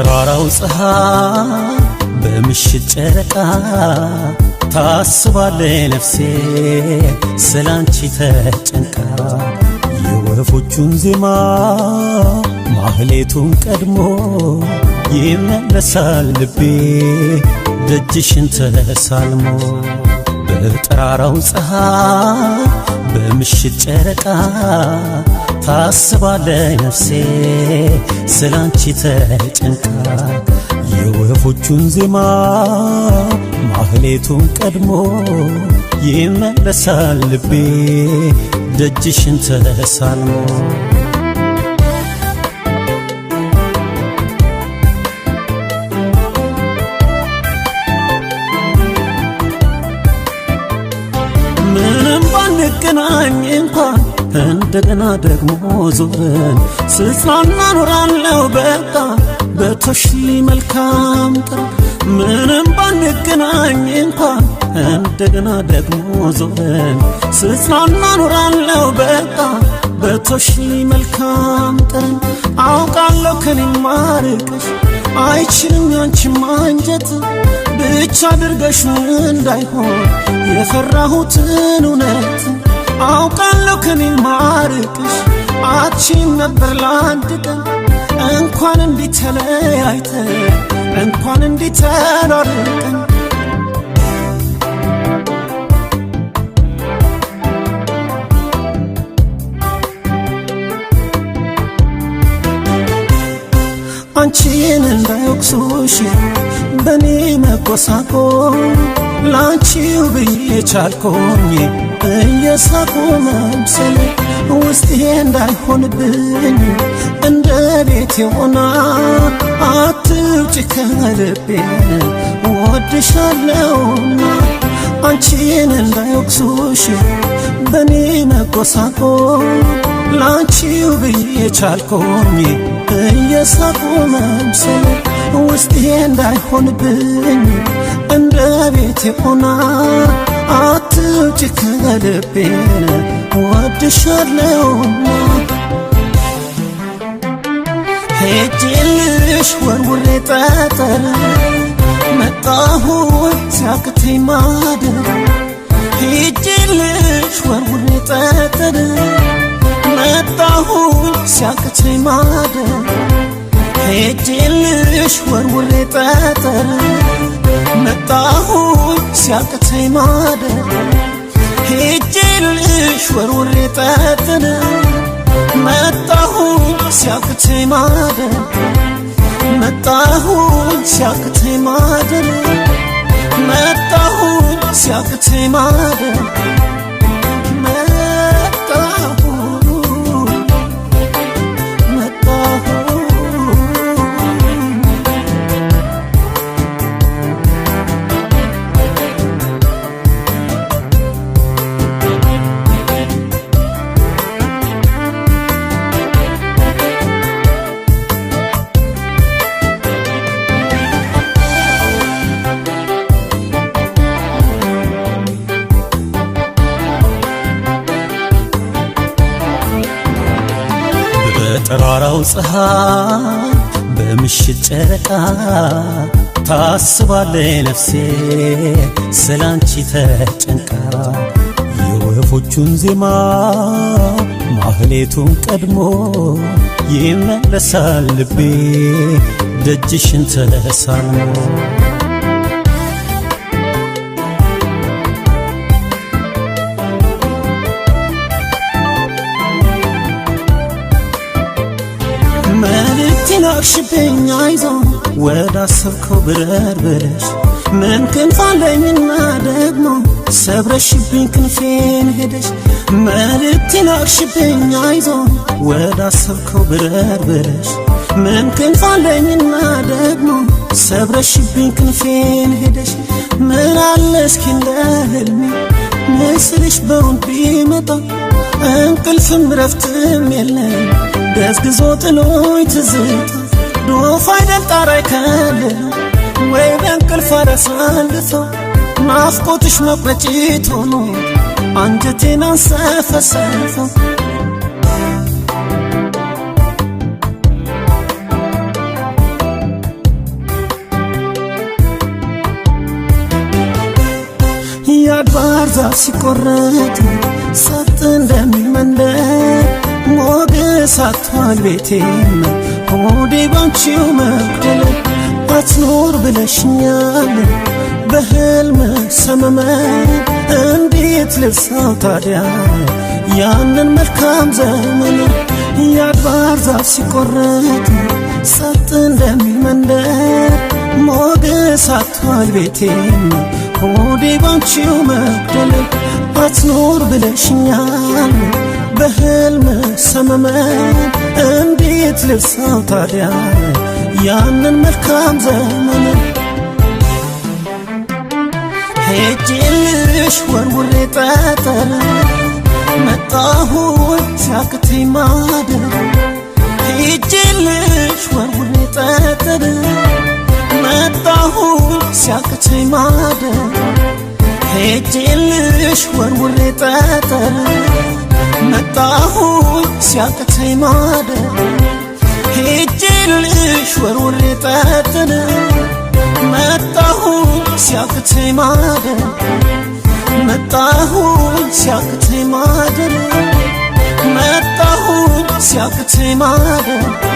ጠራራው ፀሃ በምሽት ጨረቃ ታስባለ ነፍሴ ስላንቺ ተጨንቃ የወፎቹን ዜማ ማህሌቱን ቀድሞ ይመለሳል ልቤ ደጅሽን ተሳልሞ በጠራራው ፀሃ በምሽት ጨረቃ ታስባለ ነፍሴ ስላንቺ ተጨንቃ የወፎቹን ዜማ ማህሌቱን ቀድሞ ይመለሳል ልቤ ደጅሽን ተሳልሞ ብንገናኝ እንኳን እንደገና ደግሞ ዞረን ስጽናና ኖራለው በቃ በቶሽሊ መልካም ጥራ ምንም ባንገናኝ እንኳን እንደገና ደግሞ ዞረን ስጽናና ኖራለው በቃ በቶሽሊ መልካም ጥረን አውቃለሁ ከኔ ማርቅሽ አይችልም ያንቺ ማንጀት ብቻ አድርገሽ እንዳይሆን የፈራሁትን እውነት አውቃለሁ ከኔ ማርቅሽ አቺን ነበር ለአንድ ቀን እንኳን እንዲተለያይተን እንኳን እንዲተራርቀን አንቺን እንዳይወቅሱሽ በኔ መኮሳቆል ላንቺው ብዬ ቻልኩኝ እየሳቁ መምሰል ውስጤ እንዳይሆንብኝ እንደ ቤት የሆና አትውጭ ከልቤ ወድሻለውና አንቺን እንዳይወቅሱሽ በኔ መቆሳቆል ላንቺው ብዬ ቻልኩኝ እየሳቁ መምሰል ውስጤ እንዳይሆንብኝ እንደ ቤቴ ሆና አትውጭ ከልቤን ወድሻለውና ሄጄልሽ ወርውሬ ጠጠር መጣሁኝ ሲያቅተኝ ማደር ሂጅልሽ ወርውሬ ጠጠር መጣሁኝ ሲያቅተኝ ማደር ሂጅልሽ ወርውሬ ጠጠር መጣሁኝ ሲያቅተኝ ማደር ሂጅልሽ ወርውሬ ጠጠር መጣሁኝ ሲያቅተኝ ማደር መጣሁኝ ሲያቅተኝ ሲያቅቴ ማደር መጣሁኝ ሲያቅቴ ማደር ሸዋራው ፀሐይ በምሽት ጨረቃ ታስባለ ነፍሴ ስላንቺ ተጨንቃ የወፎቹን ዜማ ማህሌቱን ቀድሞ ይመለሳል ልቤ ደጅሽን ተሳልሞ አላክሽብኝ አይዞ ወደ አሰብከው ብረር ብለሽ ምን ክንፍ አለኝና ደግሞ ሰብረሽብኝ ክንፌን ሄደሽ መልእክት ላክሽብኝ አይዞ ወደ አሰብከው ብረር ብለሽ ምን ክንፍ አለኝና ደግሞ ሰብረሽብኝ ክንፌን ሄደሽ ምን አለ እስኪ እንደ ህልሜ ምስልሽ በውን ቢመጣ እንቅልፍም ረፍትም የለም ደስግዞ ጥሎኝ ትዝታ ዱፍ አይደል ጣራ ይከልል ወይ በእንቅልፍ አረሳልፈው ናፍቆትሽ መቆጨት ሆኖ አንጀቴን አንሰፈሰፈው የአድባር ዛፍ ሲቆረጥ ሰጥ እንደሚል መንደር ሞገስ አጥቷል ቤቴን ሆዴ ባንቺው መጉደል ባትኖር ብለሽኛል በህልም ሰመመ እንዴት ልርሳው ታዲያ ያንን መልካም ዘመን የአድባር ዛፍ ሲቆረጥ ጸጥ እንደሚል መንደር ሞገስ አጥቷል ቤቴም ሆዴ ባንቺው መጉደል አትኖር ብለሽኛል በህልም ሰመመ እንዴት ልርሳው ታዲያ ያንን መልካም ዘመን ሄጅልሽ ወርውሬ ጠጠር መጣሁ ሲያክት ማደር ሄጅልሽ ወርውሬ ጠጠር መጣሁ ሲያክት ማደር ሄጅልሽ ወርውሬ ጠጠር መጣሁ ሲያቅተኝ ማደር ሄጄልሽ ወርውሬ ጠጥን መጣሁ ሲያቅተኝ ማደር መጣሁ ሲያቅተኝ ማደር መጣሁ ሲያቅተኝ ማደር